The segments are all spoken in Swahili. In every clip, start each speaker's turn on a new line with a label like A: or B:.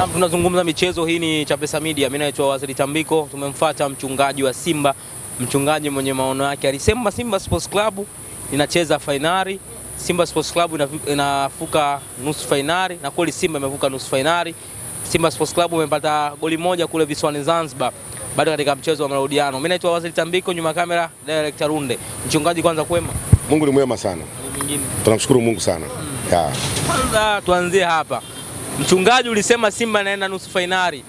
A: Na tunazungumza michezo, hii ni Chapesa Media. Mimi naitwa Wazili Tambiko. Tumemfuata mchungaji wa Simba, mchungaji mwenye maono yake alisema Simba Sports Club inacheza fainali, Simba Sports Club inavuka nusu fainali, na kweli Simba imevuka nusu fainali. Simba Sports Club imepata goli moja kule visiwani Zanzibar, bado katika mchezo wa marudiano. Mimi naitwa Wazili Tambiko, nyuma kamera director Runde. Mchungaji, kwanza kwema?
B: Mungu ni mwema sana, Mwingine. tunamshukuru Mungu sana. Hmm.
A: Kwanza tuanzie hapa Mchungaji, ulisema Simba inaenda nusu fainali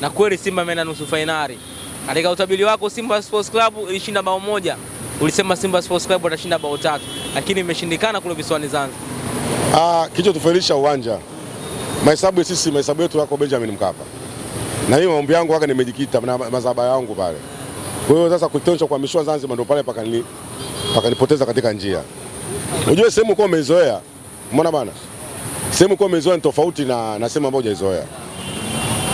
A: na kweli Simba imeenda nusu fainali. Katika utabiri wako Simba Sports Club ilishinda bao moja, ulisema Simba Sports Club atashinda bao tatu, lakini imeshindikana kule visiwani Zanzibar.
B: Ah, tufailisha uwanja, mahesabu sisi, mahesabu yetu yako Benjamin Mkapa, na hiyo maombi yangu haka nimejikita na mazaba yangu pale. Kwa hiyo sasa kuitonsha kwa mishwa Zanzibar ndio pale paka nipoteza katika njia. Unajua sehemu kwa umezoea, umeona bana sehemu kwa mezoea ni tofauti na, na sehemu ambayo hujaizoea.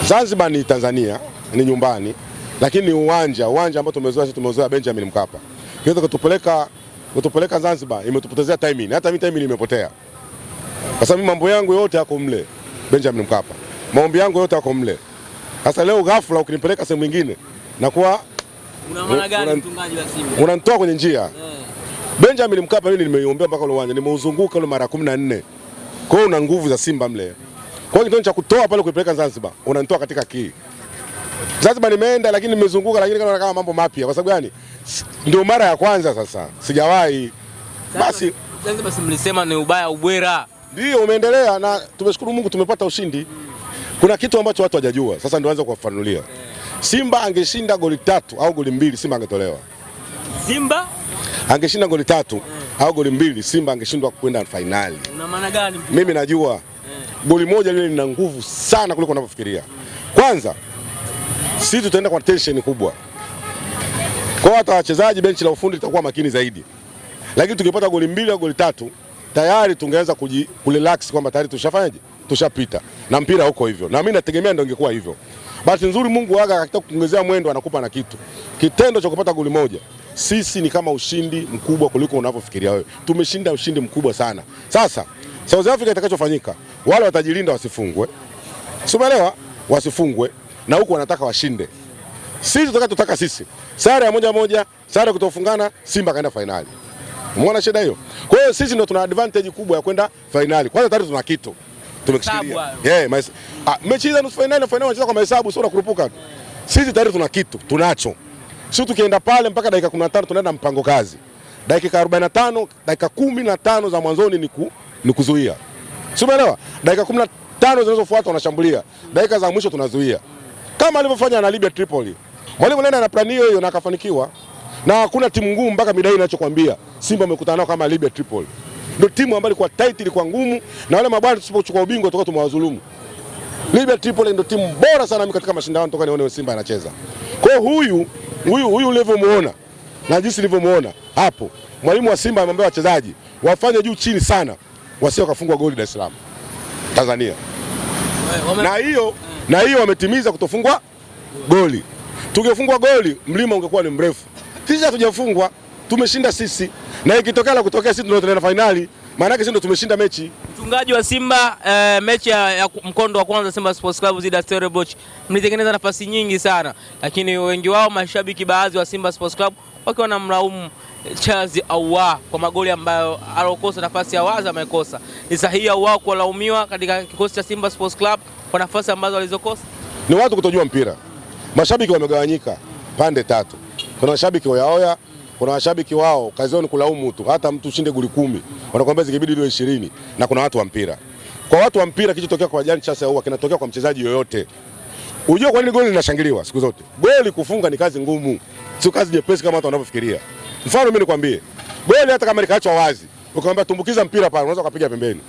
B: Zanzibar ni Tanzania, ni nyumbani, lakini ni uwanja uwanja ambao tumezoea sisi, tumezoea Benjamin Mkapa. Kiweza kutupeleka kutupeleka Zanzibar imetupotezea timing, hata mimi timing imepotea, kwa sababu mambo yangu yote yako mle Benjamin Mkapa, maombi yangu yote yako mle. Sasa leo ghafla ukinipeleka sehemu nyingine na kuwa
A: una maana gani? Mtungaji wa nakuwa
B: unanitoa kwenye njia yeah. Benjamin Mkapa mimi nimeiombea mpaka ule uwanja nimeuzunguka ule mara kumi na nne. Kwa hiyo una nguvu za Simba mle. Kwa hiyo cha kutoa pale kuipeleka Zanzibar, unanitoa katika kii Zanzibar nimeenda lakini nimezunguka lakini kama kama mambo mapya kwa sababu gani? Ndio mara ya kwanza sasa. Sijawahi.
A: Basi Zanzibar si mlisema ni ubaya ubwera.
B: Ndio umeendelea na tumeshukuru Mungu tumepata ushindi. Kuna kitu ambacho watu hawajajua. Sasa ndio anza kuwafanulia. Simba angeshinda goli tatu au goli mbili Simba angetolewa. Simba Angeshinda goli tatu mm. au goli mbili Simba angeshindwa kwenda fainali.
A: Una maana gani?
B: Mimi najua mm. goli moja lile lina nguvu sana kuliko unavyofikiria. Kwanza sisi tutaenda kwa tension kubwa, kwa hata wachezaji benchi la ufundi litakuwa makini zaidi, lakini tukipata goli mbili au goli tatu tayari tungeweza kurelax kwamba tayari tushafanyaje, tushapita na mpira huko hivyo, na mimi nategemea ndio ingekuwa hivyo. Bahati nzuri Mungu waga akitaka kuongezea mwendo anakupa na kitu. Kitendo cha kupata goli moja sisi ni kama ushindi mkubwa kuliko unavyofikiria wewe. Tumeshinda ushindi mkubwa sana. Sasa South Africa itakachofanyika, wale watajilinda wasifungwe, sumelewa, wasifungwe na huku wanataka washinde. Sisi tutakachotaka sisi sare ya moja moja, sare kutofungana, Simba kaenda fainali. Umeona shida hiyo? Kwa hiyo sisi ndio tuna advantage kubwa ya kwenda fainali. Kwanza tayari tuna kitu tumekishikilia. Yeah, ah, mechi za nusu fainali na fainali wanacheza kwa mahesabu, sio na kurupuka. Sisi tayari tuna kitu tunacho. Sio tukienda pale mpaka dakika 15 tunaenda mpango kazi. Dakika 45, dakika 15 za mwanzoni ni ku, ni kuzuia. Sio umeelewa? Dakika 15 zinazofuata wanashambulia. Dakika za mwisho tunazuia. Kama alivyofanya na Libya Tripoli. Mwalimu nenda na plani hiyo hiyo na akafanikiwa. Na hakuna timu ngumu mpaka midai inachokwambia Simba amekutana nao kama Libya Tripoli. Ndio timu ambayo ilikuwa tight, ilikuwa ngumu na wale mabwana tusipochukua ubingwa tutakuwa tumewadhulumu. Libya Tripoli ndio timu bora sana mimi katika mashindano toka nione Simba anacheza. Kwa hiyo huyu huyu huyu ulivyomuona na jinsi nilivyomuona hapo, mwalimu wa Simba amemwambia wachezaji wafanye juu chini sana, wasio wakafungwa goli Dar es Salaam Tanzania. Na hiyo na hiyo wametimiza kutofungwa goli. Tungefungwa goli, mlima ungekuwa ni mrefu. Sisi hatujafungwa, tumeshinda sisi, na ikitokea la kutokea sisi ndio tunaenda fainali, maana yake sisi ndio tumeshinda mechi.
A: Mfungaji wa Simba eh, mechi ya, ya mkondo wa kwanza Simba Sports Club dhidi ya Stellenbosch mlitengeneza nafasi nyingi sana, lakini wengi wao mashabiki baadhi wa Simba Sports Club wakiwa na mlaumu eh, Charles Ahoua kwa magoli ambayo alokosa, nafasi ya wazi amekosa. Ni sahihi Ahoua kulaumiwa katika kikosi cha Simba Sports Club kwa nafasi ambazo walizokosa?
B: Ni watu kutojua mpira. Mashabiki wamegawanyika pande tatu, kuna mashabiki Yaoya, kuna washabiki wao kazi yao ni kulaumu tu, hata mtu ushinde goli kumi wanakuambia zikibidi ndio ishirini. Na kuna watu wa mpira, kwa watu wa mpira kilichotokea kwa Jan Chasa huwa kinatokea kwa mchezaji yoyote. Unajua kwa nini goli linashangiliwa siku zote? Goli kufunga ni kazi ngumu, sio kazi nyepesi kama watu wanavyofikiria. Mfano mimi nikwambie, goli hata kama likaachwa wazi ukamwambia tumbukiza mpira pale, unaweza kupiga pembeni.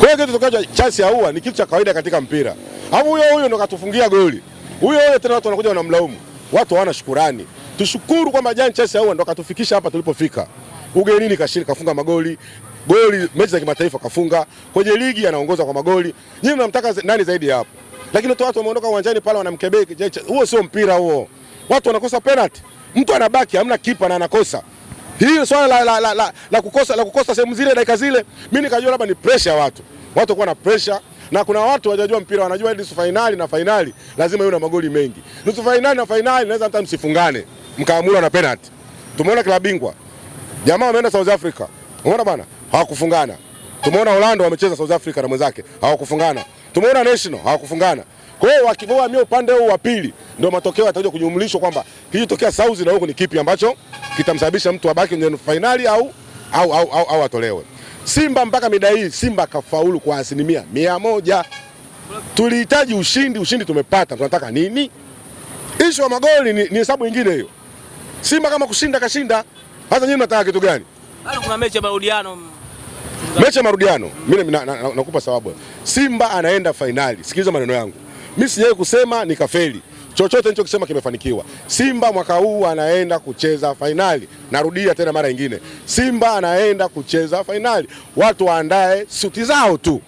B: Kwa hiyo kitu kitokea Charles Ahoua ni kitu cha kawaida katika mpira, Hapo huyo huyo ndo katufungia goli, huyo huyo tena watu wanakuja wanamlaumu. Watu hawana shukurani. Tushukuru kwamba Jan Chacha huyo ndo katufikisha hapa tulipofika. Ugenini kashiri kafunga magoli, goli mechi za kimataifa kafunga, kwenye ligi anaongoza kwa magoli. Nyinyi mnamtaka nani zaidi ya hapo? Lakini watu wameondoka uwanjani pale wanamkebeki Jan Chacha. Huo sio mpira huo. Watu wanakosa penalti, Mtu anabaki hamna kipa na anakosa. hii swala la, la, la, la, la kukosa la kukosa sehemu zile dakika zile, mimi nikajua labda ni pressure ya watu. Watu kuwa na pressure na kuna watu wajajua mpira wanajua nusu fainali na fainali lazima iwe na magoli mengi. Nusu fainali na fainali naweza hata msifungane mkaamula na penalty. Tumeona klabu bingwa jamaa wameenda South Africa, umeona bwana, hawakufungana. Tumeona Orlando wamecheza South Africa na mwenzake hawakufungana. Tumeona National hawakufungana. Kwa hiyo wakiboa mio upande huu wa pili, ndio matokeo yatakuja kujumlishwa kwamba kilichotokea South na huko ni kipi ambacho kitamsababisha mtu abaki kwenye finali au, au, au, au, au atolewe. Simba mpaka mida hii Simba kafaulu kwa asilimia mia moja. Tulihitaji ushindi, ushindi tumepata. Tunataka nini? Ishu ya magoli ni hesabu nyingine hiyo. Simba kama kushinda kashinda, hata nyinyi mnataka kitu gani?
A: Bado kuna mechi ya marudiano.
B: Mechi ya marudiano. Mimi nakupa sababu. Simba anaenda fainali. Sikiliza maneno yangu. Mimi sijawahi kusema nikafeli. Chochote nicho kusema kimefanikiwa. Simba mwaka huu anaenda kucheza fainali. Narudia tena mara nyingine. Simba anaenda kucheza fainali. Watu waandae suti zao tu.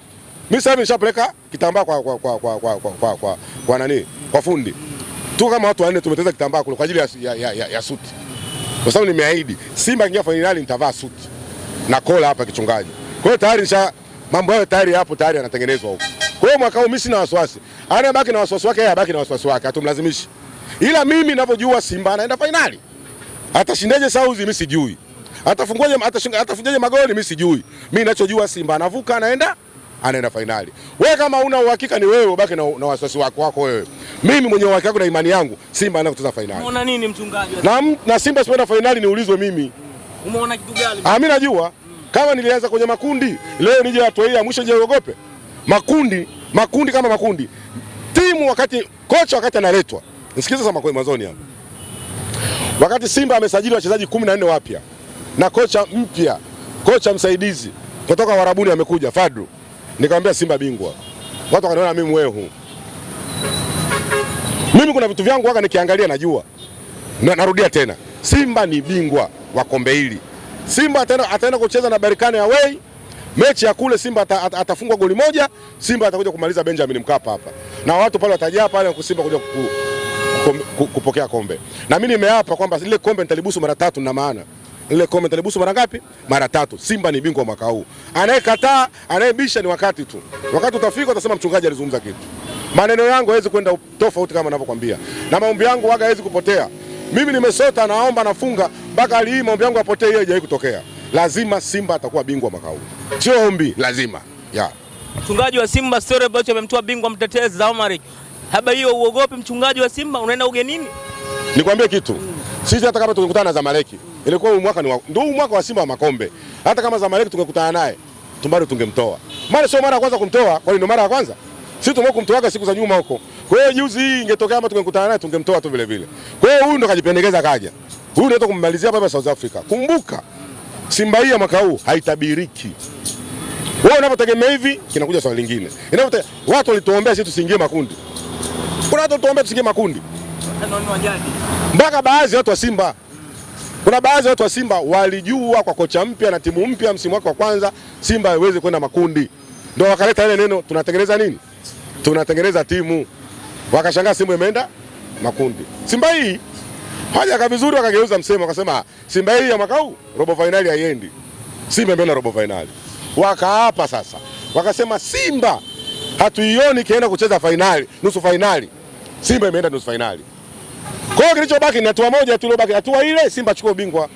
B: Mimi sasa nimeshapeleka kitambaa kwa kwa kwa kwa kwa kwa, kwa, kwa, kwa, kwa nani? Kwa fundi tu kama watu wanne tumeteza kitambaa kule kwa ajili ya, ya, ya, ya, ya suti, kwa sababu nimeahidi Simba ingia fainali nitavaa suti na kola hapa kichungaji. Kwa hiyo tayari nisha mambo hayo tayari hapo tayari yanatengenezwa huko. Kwa hiyo mwaka huu mimi sina wasiwasi, anabaki na wasiwasi wake, yeye abaki na wasiwasi wake, hatumlazimishi. Ila mimi ninavyojua Simba anaenda fainali, atashindaje sauzi mimi sijui, atafungoje, atafunjaje magoli mimi sijui. Mimi ninachojua Simba anavuka, anaenda anaenda fainali. Wewe kama una uhakika ni wewe, ubaki na, na wasiwasi wako wako wewe. Mimi mwenye uhakika wangu na imani yangu Simba anaenda kucheza fainali.
A: Unaona nini mchungaji?
B: Na, na Simba sipenda fainali niulizwe mimi.
A: Umeona kitu gani?
B: Ah, mimi najua kama nilianza kwenye makundi leo nije hatua hii ya mwisho, je, uogope makundi? Makundi kama makundi, timu wakati kocha wakati analetwa, nisikize sasa mazoni hapa, wakati Simba amesajili wachezaji 14 wapya na kocha mpya, kocha msaidizi kutoka Warabuni amekuja Fadru nikamwambia Simba bingwa. Watu wakaniona mimi mwehu. Mimi kuna vitu vyangu waka nikiangalia najua na, narudia tena Simba ni bingwa wa kombe hili. Simba ataenda kucheza na Berkane away mechi ya kule Simba ata, ata, atafungwa goli moja. Simba atakuja kumaliza Benjamin Mkapa hapa na watu pale watajaa pale na Simba kuja kupokea kombe, na mimi nimeapa kwamba ile kombe nitalibusu mara tatu, na maana ile comment alibusu mara ngapi? Mara tatu. Simba ni bingwa mwaka huu. Anayekataa, anayebisha ni wakati tu. Wakati utafika utasema mchungaji alizungumza kitu. Maneno yangu hawezi kwenda tofauti kama ninavyokuambia. Na maombi yangu waga hawezi kupotea. Mimi nimesota naomba nafunga mpaka hii maombi yangu yapotee, hiyo haijawahi kutokea. Lazima Simba atakuwa bingwa mwaka huu. Sio ombi, lazima. Yeah.
A: Mchungaji wa Simba story ambacho amemtoa bingwa mtetezi za Omar. Haba hiyo uogopi mchungaji wa Simba unaenda ugenini?
B: Nikwambie kitu. Sisi hata kama tukikutana na Zamalek Ilikuwa huu mwaka ni wa, ndio huu mwaka wa Simba wa makombe. Hata kama Zamalek tungekutana naye, tumbali tungemtoa. Maana sio mara ya kwanza kumtoa, Kwa nini mara ya kwanza. Sisi tumekuwa kumtoaga siku za nyuma huko. Kwa hiyo juzi hii ingetokea ama tungekutana naye tungemtoa tu vile vile. Kwa hiyo huyu ndo kajipendekeza kaja. Huyu ndio kummalizia hapa South Africa. Kumbuka Simba hii ya mwaka huu haitabiriki. Wewe unapotegemea hivi kinakuja swali lingine. Inapote watu walituombea sisi tusiingie makundi. Kuna watu walituombea tusiingie makundi. Mpaka baadhi watu wa Simba kuna baadhi ya watu wa Simba walijua kwa kocha mpya na timu mpya msimu wake wa kwanza Simba haiwezi kwenda makundi, ndio wakaleta ile neno tunatengeneza nini, tunatengeneza timu, wakashangaa Simba imeenda makundi. Simba hii hawajaka vizuri, wakageuza msemo, wakasema ah, Simba hii ya mwaka huu robo finali haiendi, Simba imeenda robo finali. Wakaapa sasa, wakasema Simba hatuioni kienda kucheza finali, nusu finali. Simba imeenda nusu finali. Kwa hiyo kilichobaki ni hatua moja tu iliyobaki, hatua ile Simba chukua ubingwa.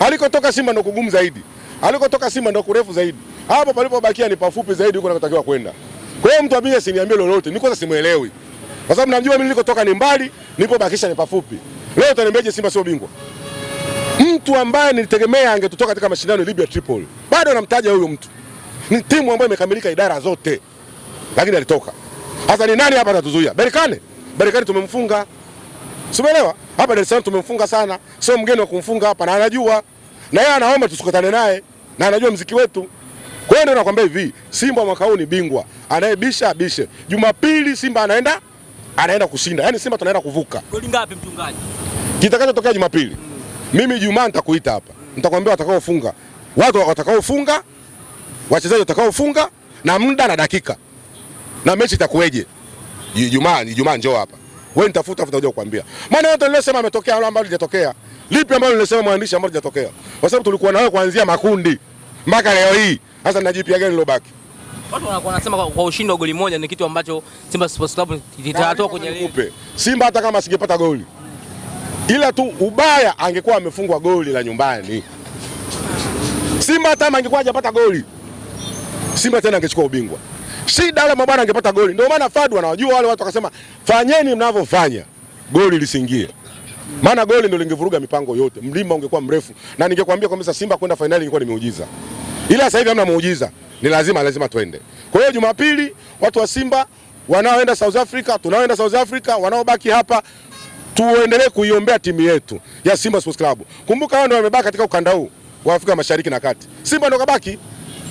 B: Alikotoka Simba ndo kugumu zaidi, alikotoka Simba ndo kurefu zaidi, hapo palipobakia ni pafupi zaidi, huko anatakiwa kwenda. Kwa hiyo mtu abiye siniambie lolote, niko sasa simuelewi, kwa sababu najua mimi nilikotoka ni mbali, nilipobakisha ni pafupi. Leo utaniambiaje Simba sio bingwa? Mtu ambaye nilitegemea angetutoka katika mashindano ya Libya Tripoli, bado namtaja huyo mtu. Ni timu ambayo imekamilika idara zote, lakini alitoka. Sasa ni nani hapa atatuzuia? Berkane, Berkane tumemfunga Simeelewa? Hapa Dar es Salaam tumemfunga sana, sio mgeni wa kumfunga hapa, na anajua na yeye anaomba tusikutane naye na anajua mziki wetu. Kwa hiyo ndio nakwambia hivi, Simba mwaka huu ni bingwa, anayebisha abishe. Jumapili Simba anaenda anaenda kushinda, yaani Simba tunaenda kuvuka.
A: Goli ngapi mchungaji?
B: Kitakachotokea Jumapili mm. Mimi Jumaa nitakuita hapa mm. Nitakwambia watakaofunga, watu watakaofunga, wachezaji watakaofunga, na muda na dakika na mechi itakuweje. Jumaa, Jumaa njoo hapa wewe nitafuta afu nitakuja kukwambia. Maana yote niliyosema yametokea, hapo ambapo lijatokea. Lipi ambalo nilisema mwandishi ambalo lijatokea? Kwa sababu tulikuwa nawe kuanzia makundi mpaka leo hii. Sasa jipya gani lilobaki?
A: Watu wanakuwa wanasema kwa, ushindi wa goli moja ni kitu ambacho Simba Sports Club itatoa kwenye lile.
B: Simba hata kama asingepata goli. Ila tu ubaya angekuwa amefungwa goli la nyumbani. Simba hata angekuwa hajapata goli. Simba tena angechukua ubingwa si dala bwana angepata goli. Ndio maana Fadu anawajua wale watu, wakasema fanyeni mnavyofanya goli lisingie, maana goli ndio lingevuruga mipango yote, mlima ungekuwa mrefu, na ningekwambia kwamba Simba kwenda fainali ingekuwa ni muujiza, ila sasa hivi hamna muujiza, ni lazima lazima twende. Kwa hiyo Jumapili watu wa Simba wanaoenda South Africa, tunaoenda South Africa, wanaobaki hapa tuendelee kuiombea timu yetu ya Simba Sports Club. Kumbuka wao ndio wamebaki katika ukanda huu wa Afrika Mashariki na Kati. Simba ndio kabaki.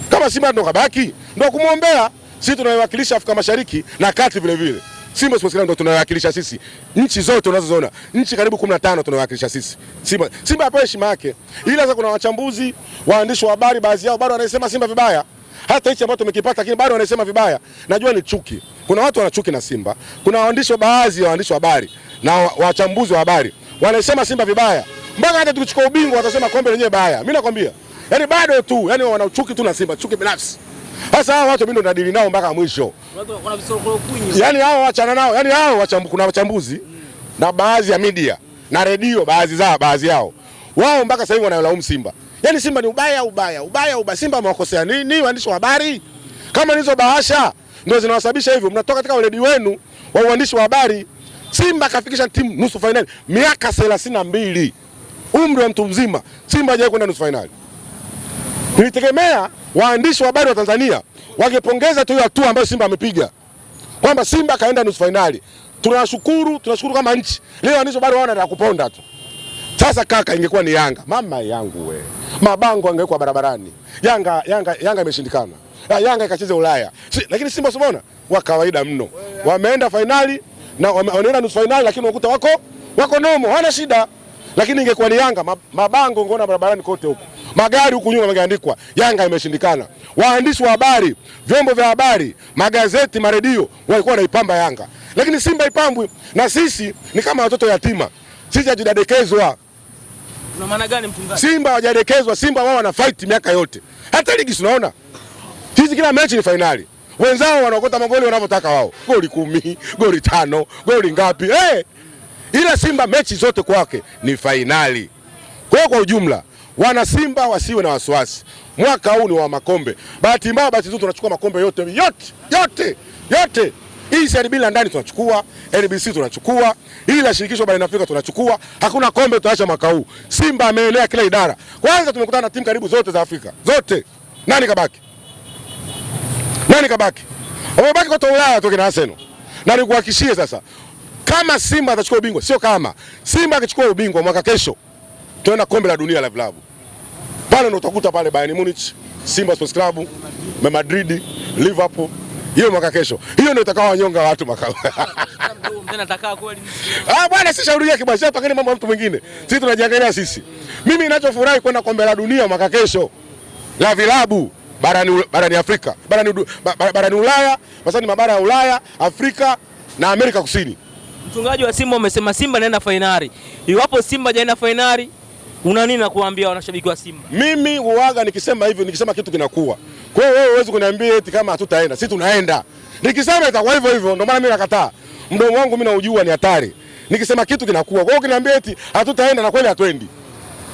B: Kama Simba ndio kabaki, ndio kumuombea. Sisi tunaiwakilisha Afrika Mashariki na Kati vile vile. Simba Sports Club ndio tunawakilisha sisi. Nchi zote unazoziona, nchi karibu 15 tunawakilisha sisi. Simba, Simba hapo heshima yake. Ila sasa kuna wachambuzi, waandishi wa habari baadhi yao bado wanasema Simba vibaya. Hata hichi ambacho tumekipata lakini bado wanasema vibaya. Najua ni chuki. Kuna watu wana chuki na Simba. Kuna waandishi wa baadhi ya waandishi wa habari na wachambuzi wa habari wanasema Simba vibaya. Mpaka hata tukichukua ubingwa watasema kombe lenyewe baya. Mimi nakwambia. Yaani bado tu, yani chuki tu na Simba, chuki binafsi. Sasa hao watu mimi ndo nadili nao mpaka mwisho. Yaani hao wachana nao, yaani hao wachambu, kuna wachambuzi mm. na baadhi ya media mm. na redio baadhi zao baadhi yao wao mpaka sasa hivi wanalaumu Simba. Yaani Simba ni ubaya ubaya ubaya ubaya. Simba amewakosea nini waandishi wa habari? Kama nilizo bahasha ndio zinawasababisha hivyo, mnatoka katika weledi wenu wa uandishi wa habari. Simba kafikisha timu nusu finali miaka 32. umri wa mtu mzima. Simba hajawahi kwenda nusu finali. Nilitegemea waandishi wa habari wa Tanzania wangepongeza tu hiyo hatua ambayo Simba amepiga kwamba Simba kaenda nusu fainali. Tunashukuru, tunashukuru kama nchi. Leo waandishi wa habari wao wanataka kuponda tu. Sasa kaka, ingekuwa ni Yanga, mama yangu we, mabango angekuwa barabarani. Yanga Yanga Yanga imeshindikana, ah, Yanga ikacheza Ulaya si, lakini Simba umeona wa kawaida mno, wameenda fainali na wanaenda nusu fainali, lakini wakuta wako wako nomo, hana shida. Lakini ingekuwa ni Yanga, mabango ngona barabarani kote huko, magari huku nyuma yameandikwa Yanga imeshindikana. Waandishi wa habari, vyombo vya habari, magazeti, maredio walikuwa wanaipamba Yanga, lakini Simba ipambwi. Na sisi ni kama watoto yatima, sisi hatujadekezwa.
A: Una maana gani mchungaji?
B: Simba hawajadekezwa. Simba wao wana fight miaka yote, hata ligi tunaona sisi kila mechi ni fainali. Wenzao wanaokota magoli wanavyotaka wao, goli kumi, goli tano, goli ngapi? hey! Eh! ila Simba mechi zote kwake ni fainali. Kwa hiyo kwa ujumla, wana Simba wasiwe na wasiwasi, mwaka huu ni wa makombe. Bahati mbaya, bahati nzuri, tunachukua makombe yote yote yote yote hii CRB la ndani tunachukua, NBC tunachukua, hii la shirikisho barani Afrika tunachukua. Hakuna kombe tutaacha mwaka huu. Simba ameelea kila idara. Kwanza tumekutana na timu karibu zote za Afrika zote, nani kabaki? Nani kabaki? Wamebaki kote Ulaya toke na Arsenal, na nikuhakishie sasa, kama Simba atachukua ubingwa, sio kama Simba akichukua ubingwa mwaka kesho, tunaenda kombe la dunia la vilabu pale, ndo utakuta pale Bayern Munich, Simba Sports Club, Real Madrid, Liverpool hiyo mwaka kesho, hiyo ndio itakao wanyonga watu makao. Ah bwana, si shauri yake bwana, hapa mambo ya mtu mwingine, sisi tunajiangalia sisi. Mimi ninachofurahi kwenda kombe la dunia mwaka kesho la vilabu barani, barani Afrika barani, barani Ulaya, sasa ni mabara ya Ulaya, Afrika na Amerika Kusini.
A: Mchungaji wa Simba umesema Simba naenda fainali. Iwapo Simba jaenda fainali, una nini na kuambia wanashabiki wa Simba?
B: Mimi uwaga nikisema hivyo, nikisema kitu kinakuwa. Kwa hiyo wewe huwezi kuniambia eti kama hatutaenda, sisi tunaenda. Nikisema itakuwa hivyo hivyo, ndio maana mimi nakataa. Mdomo wangu mimi naujua ni hatari. Nikisema kitu kinakuwa. Kwa hiyo ukiniambia eti hatutaenda na kweli hatuendi.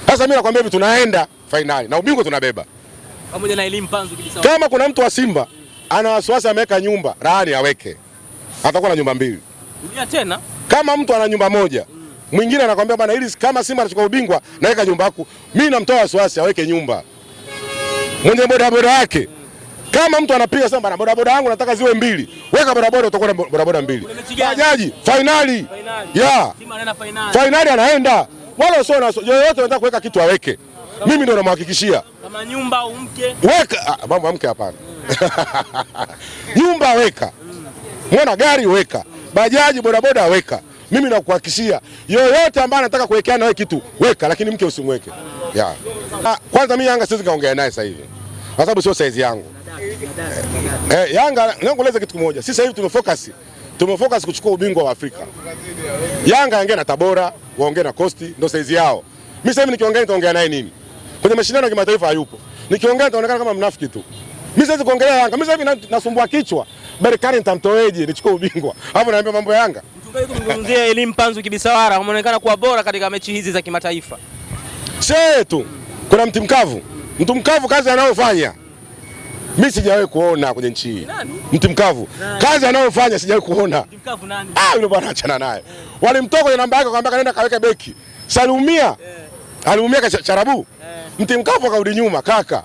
B: Sasa mimi nakwambia hivi tunaenda fainali na ubingwa tunabeba. Pamoja na elimu panzu kibisa. Kama kuna mtu wa Simba ana wasiwasi ameweka nyumba, rahani aweke. Atakuwa na nyumba mbili tena. Kama mtu ana nyumba moja mm. mwingine anakwambia bwana, hili kama Simba anachukua ubingwa mm. naweka nyumba yako, mimi namtoa wasiwasi aweke nyumba mwenye bodaboda yake mm. Kama mtu anapiga sema bana, bodaboda yangu nataka ziwe mbili, weka bodaboda, utakuwa na bodaboda mbili. Bajaji fainali ya fainali anaenda, wala sio na yoyote, anataka kuweka kitu aweke. Mimi ndio namhakikishia
A: kama nyumba au mke,
B: weka ah, mambo ya mke, hapana. Nyumba weka, mwana gari weka bajaji, bodaboda weka. Mimi nakuhakikishia yoyote ambaye anataka kuwekea na kitu weka, lakini mke usimweke. Yeah. Kwanza mimi Yanga siwezi kaongea naye sasa hivi kwa sababu sio saizi yangu. Eh, eh, Yanga nakueleza kitu kimoja, sisi sasa hivi tumefocus tumefocus kuchukua ubingwa wa Afrika. Yanga yaongea na Tabora, waongee na Costi, ndio saizi yao. Mimi sasa hivi nikiongea nitaongea naye nini? Kwenye mashindano ya kimataifa hayupo. Nikiongea nitaonekana kama mnafiki tu. Mimi siwezi kuongelea Yanga. Mimi sasa hivi nasumbua kichwa. Berkane nitamtoeje nichukue ubingwa? Hapo naambia mambo ya Yanga. Mchungaji,
A: kumzungumzia Elim Panzu Kibisawara ameonekana kuwa bora katika mechi hizi za kimataifa.
B: Sio tu kuna mtu mkavu, mtu mkavu kazi anayofanya mi sijawahi kuona kwenye nchi hii mtu mkavu, Nani? kazi anayofanya sijawahi kuona. mkavu nani? Ah, yule bwana achana naye yeah. Walimtoa kwenye namba yake akamwambia kaenda kaweka beki Salumia. yeah. Aliumia eh. charabu yeah. Mtu mkavu akarudi nyuma kaka, eh.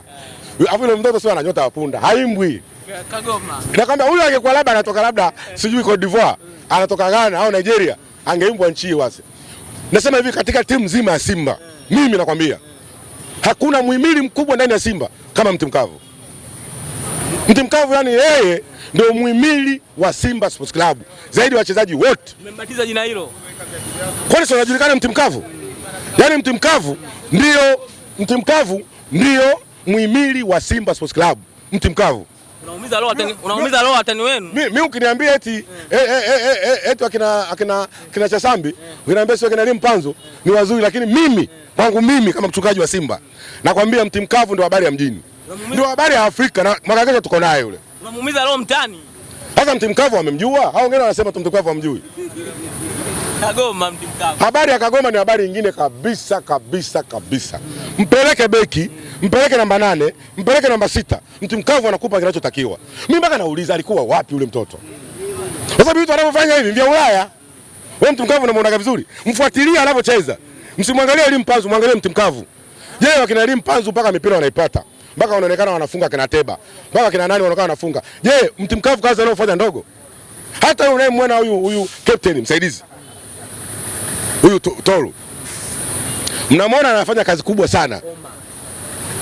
B: alafu Afu Yule mtoto sio ananyota wapunda haimbwi Kagoma. Na kama huyu angekuwa labda anatoka labda sijui Cote d'Ivoire, anatoka Ghana au Nigeria, angeimbwa nchi hii wazi. Nasema hivi katika timu nzima ya Simba, mimi nakwambia hakuna muhimili mkubwa ndani ya Simba kama mtimkavu. Mtimkavu yani yeye ndio muhimili wa Simba Sports Club zaidi wachezaji wote.
A: Nimebatiza jina hilo.
B: Kwani sio anajulikana mtimkavu? Yaani mtimkavu ndio mtimkavu ndio muhimili wa Simba Sports Club. Mtimkavu
A: Unaumiza roho watani, unaumiza roho watani wenu.
B: Mimi ukiniambia eti eh. Eh, eh, eti akina akina kina cha Sambi, ukiniambia sio kina Elimu Panzo ni wazuri lakini mimi kwangu mimi kama mchungaji wa Simba nakwambia mti mkavu ndio habari ya mjini. Ndio habari ya Afrika na mwaka kesho tuko naye yule.
A: Unamuumiza roho mtani.
B: Sasa mti mkavu amemjua? Hao wengine wanasema mti mkavu
A: Kagoma mtimtako.
B: Habari ya Kagoma ni habari nyingine kabisa kabisa kabisa. Mpeleke beki, mpeleke namba nane, mpeleke namba sita. Mtu mkavu anakupa kinachotakiwa. Mimi mpaka nauliza alikuwa wapi ule mtoto? Sasa sababu vitu anavyofanya hivi vya Ulaya. Wewe mtu mkavu unamuonaga vizuri. Mfuatilie anavyocheza. Msimwangalie elimu panzu, mwangalie mtu mkavu. Je, wakina elimu panzu mpaka mipira wanaipata. Mpaka wanaonekana wanafunga kina Teba. Mpaka kina nani wanaonekana wanafunga. Je, mtu mtimkavu kazi anayofanya ndogo? Hata unayemwona huyu huyu captain msaidizi huyu Toru, mnamwona anafanya kazi kubwa sana,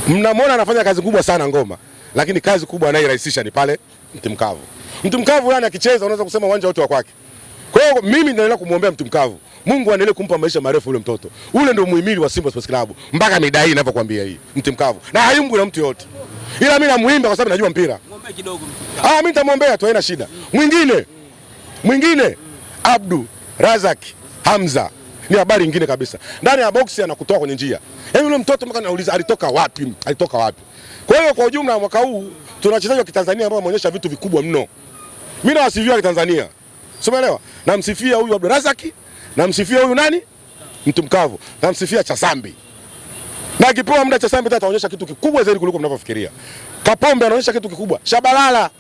B: mnamwona anafanya kazi kubwa sana Ngoma, lakini kazi kubwa anayerahisisha ni pale mkavu. Mtimkavu. mkavu yani akicheza unaweza kusema uwanja wote wa kwake. Kwa hiyo mimi naendelea kumwombea mkavu, Mungu aendelee kumpa maisha marefu ule mtoto. Ule ndio muhimili wa Simba Sports Club mpaka mida hii ninavyokuambia hii Mtimkavu, na hayumbu na mtu yote, ila mimi namuimba kwa sababu najua mpira. Ngombe kidogo Mtimkavu. Ah, mimi nitamwombea tu, haina shida. Mwingine mwingine Abdu Razak Hamza ni habari nyingine kabisa. Ndani ya boksi anakutoa kwenye njia, yaani yule mtoto mpaka nauliza alitoka wapi, alitoka wapi? Kwa hiyo kwa ujumla, mwaka huu tuna wachezaji wa kitanzania ambao wameonyesha vitu vikubwa mno. Mimi na wasifu wa kitanzania, umeelewa? Namsifia huyu Abdurazaki, namsifia huyu nani mtu mkavu, namsifia Chasambi na akipewa muda Chasambi tata ataonyesha kitu kikubwa zaidi kuliko mnavyofikiria. Kapombe anaonyesha kitu kikubwa, Shabalala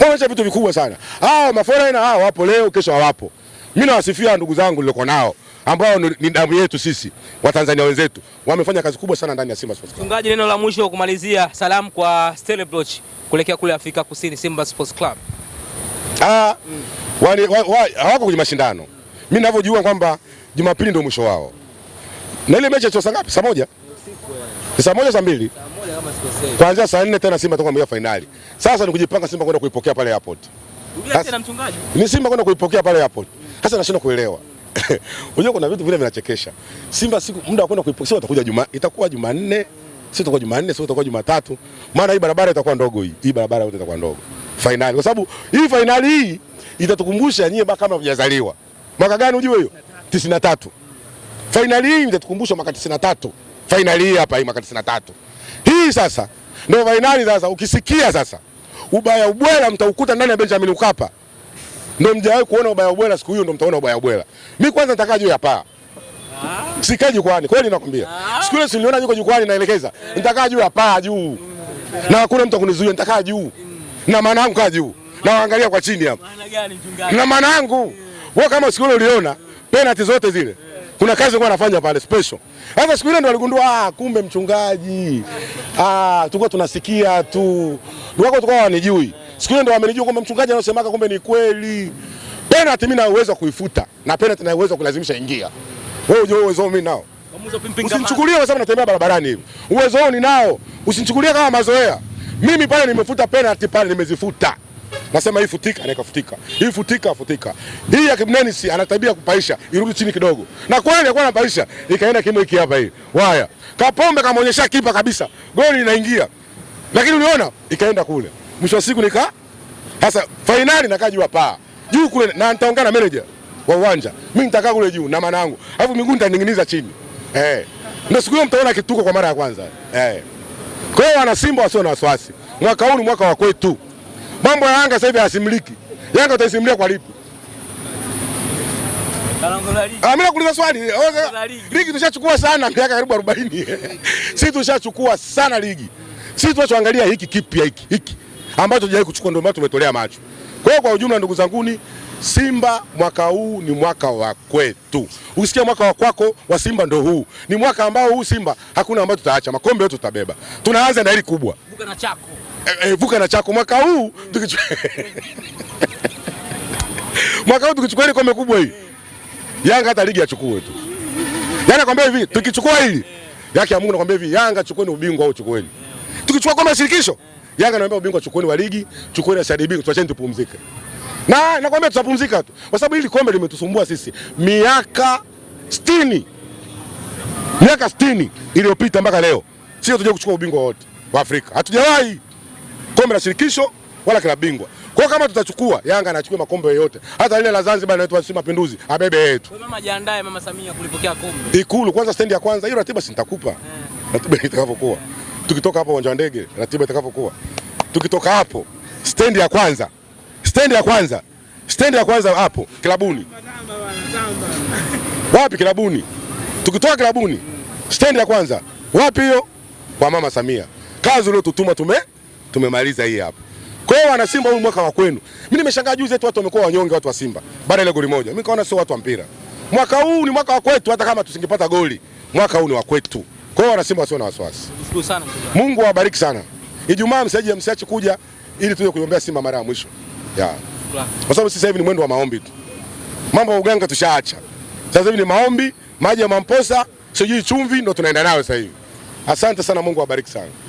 B: anaonyesha vitu vikubwa sana. Hao maforena hao wapo leo, kesho hawapo. Mimi nawasifia ndugu zangu nilioko nao ambao ni damu yetu sisi Watanzania wenzetu, wamefanya kazi kubwa sana ndani ya Simba Sports Club.
A: Mchungaji, neno la mwisho kumalizia, salamu kwa Stellenbosch kuelekea kule Afrika Kusini, Simba Sports Club.
B: Ah, hawako kwenye mashindano. Mimi ninavyojua kwamba Jumapili ndio mwisho wao, na ile mechi saa ngapi? Saa moja saa moja saa mbili kuanzia saa nne tena Simba toka fainali. Sasa ni kujipanga Simba kwenda kuipokea pale airport. tena mchungaji. Ni Simba kwenda kuipokea pale airport. Sasa nashindwa kuelewa. Unajua kuna vitu vile vinachekesha. Simba siku muda wa kwenda kuipokea sio atakuja Jumaa, itakuwa Jumanne, sio itakuwa Jumanne, sio itakuwa Jumatatu. Maana hii barabara itakuwa ndogo hii. Hii barabara yote itakuwa ndogo. Finali. Kwa sababu hii finali hii itatukumbusha nyie mpaka kama hujazaliwa. Mwaka gani ujue hiyo? 93. Finali hii itatukumbusha mwaka 93. Finali hii hapa hii mwaka 93. Hii sasa ndio finali sasa ukisikia sasa ubaya ubwela mtaukuta ndani ya Benjamin Mkapa ndo mjawahi kuona ubaya ubwela, siku hiyo ndo mtaona ubaya ubwela. Mi kwanza nitakaa juu ya paa. sikae jukwani, kweli nakwambia. Siku ile siliona yuko jukwani naelekeza. Nitakaa juu ya paa juu. Na hakuna mtu akunizuia, nitakaa juu. Na maana yangu kaa juu. Na waangalia kwa chini hapo. Na maana yangu. Wewe kama siku ile uliona penalty zote zile. Kuna kazi alikuwa anafanya pale special. Sasa siku ile ndo aligundua ah, kumbe mchungaji. Ah, tulikuwa tunasikia tu. wako tulikuwa wanijui. Siku hiyo ndo wamenijua kwamba mchungaji anasemaka kumbe ni kweli. Penalty mimi na uwezo kuifuta na penalty na uwezo kulazimisha ingia. Wewe unajua uwezo mimi nao. Usinichukulie kwa sababu natembea barabarani hivi. Uwezo wao ninao. Usinichukulie kama mazoea. Mimi pale nimefuta penalty pale nimezifuta. Nasema hii futika na ikafutika. Hii futika futika. Hii ya Kimneni ana tabia kupaisha, irudi chini kidogo. Na kweli alikuwa anapaisha, ikaenda kimo hiki hapa hii. Waya. Kapombe kamaonyesha kipa kabisa. Goli linaingia. Lakini uliona ikaenda kule mwisho wa siku nika sasa fainali nakaa juu hapa juu kule, na nitaongea na manager wa uwanja, mimi nitakaa kule juu na maana yangu, alafu miguu nitaning'iniza chini eh, ndio siku hiyo mtaona kituko kwa mara ya kwanza eh. Kwa hiyo wana Simba wasio na wasiwasi, mwaka huu ni mwaka wa kwetu. Mambo ya Yanga sasa hivi hayasimliki. Yanga utaisimlia kwa lipi? Ah, Mimi nakuuliza swali. Ligi tushachukua sana miaka karibu 40. Sisi tushachukua sana ligi. Sisi tunachoangalia hiki kipya hiki hiki ambacho hatujawahi kuchukua, ndio maana tumetolea macho. Kwa hiyo kwa ujumla, ndugu zanguni, Simba mwaka huu ni mwaka wa kwetu. Ukisikia mwaka wa kwako wa Simba ndio huu, ni mwaka ambao huu Simba hakuna ambayo tutaacha, makombe yote tutabeba. Tunaanza na hili kubwa, vuka na chako, e, e, vuka na chako mwaka huu mm. tukichukua mwaka huu tukichukua ile kombe kubwa hili, Yanga hata ligi achukue tu. Yaani nakwambia hivi, tukichukua hili yake eh. ya Mungu nakwambia hivi, Yanga chukueni ubingwa au chukueni, tukichukua kombe la shirikisho Yanga naomba ubingwa, chukueni wa ligi, chukueni CRDB, tuacheni tupumzike. Na nakwambia tutapumzika tu, kwa sababu hili kombe limetusumbua sisi miaka 60 miaka 60 iliyopita mpaka leo, sisi hatujawahi kuchukua ubingwa wote wa Afrika, hatujawahi kombe la shirikisho wala kila bingwa. Kwa kama tutachukua, Yanga anachukua makombe yote, hata ile la Zanzibar inaitwa si mapinduzi, abebe yetu.
A: Mama jiandae, mama Samia kulipokea kombe
B: Ikulu kwanza, stendi ya kwanza. Hiyo ratiba si nitakupa eh. ratiba itakavyokuwa tukitoka hapo uwanja wa ndege, ratiba itakapokuwa, tukitoka hapo stendi ya kwanza, stendi ya kwanza, stendi ya kwanza hapo kilabuni. Wapi? Kilabuni. Tukitoka kilabuni, stendi ya kwanza wapi hiyo? Kwa mama Samia, kazi uliotutuma tume tumemaliza hii hapo. Kwa hiyo wana Simba, huu mwaka wa kwenu. Mimi nimeshangaa juzi eti watu wamekuwa wanyonge, watu wa Simba baada ile goli moja, mimi kaona sio watu wa mpira. Mwaka huu ni mwaka wa kwetu, hata kama tusingepata goli, mwaka huu ni wa kwetu. Kwa hiyo wanasimba wasio na wasiwasi. Mungu awabariki sana. Ijumaa msaje, msiache kuja ili tuje kuombea Simba mara ya mwisho Kwa sababu sasa hivi ni mwendo wa maombi tu, mambo ya uganga tushaacha. Sasa hivi ni maombi, maji ya mamposa, sijui chumvi, ndo tunaenda nayo sasa hivi. Asante sana, Mungu awabariki sana.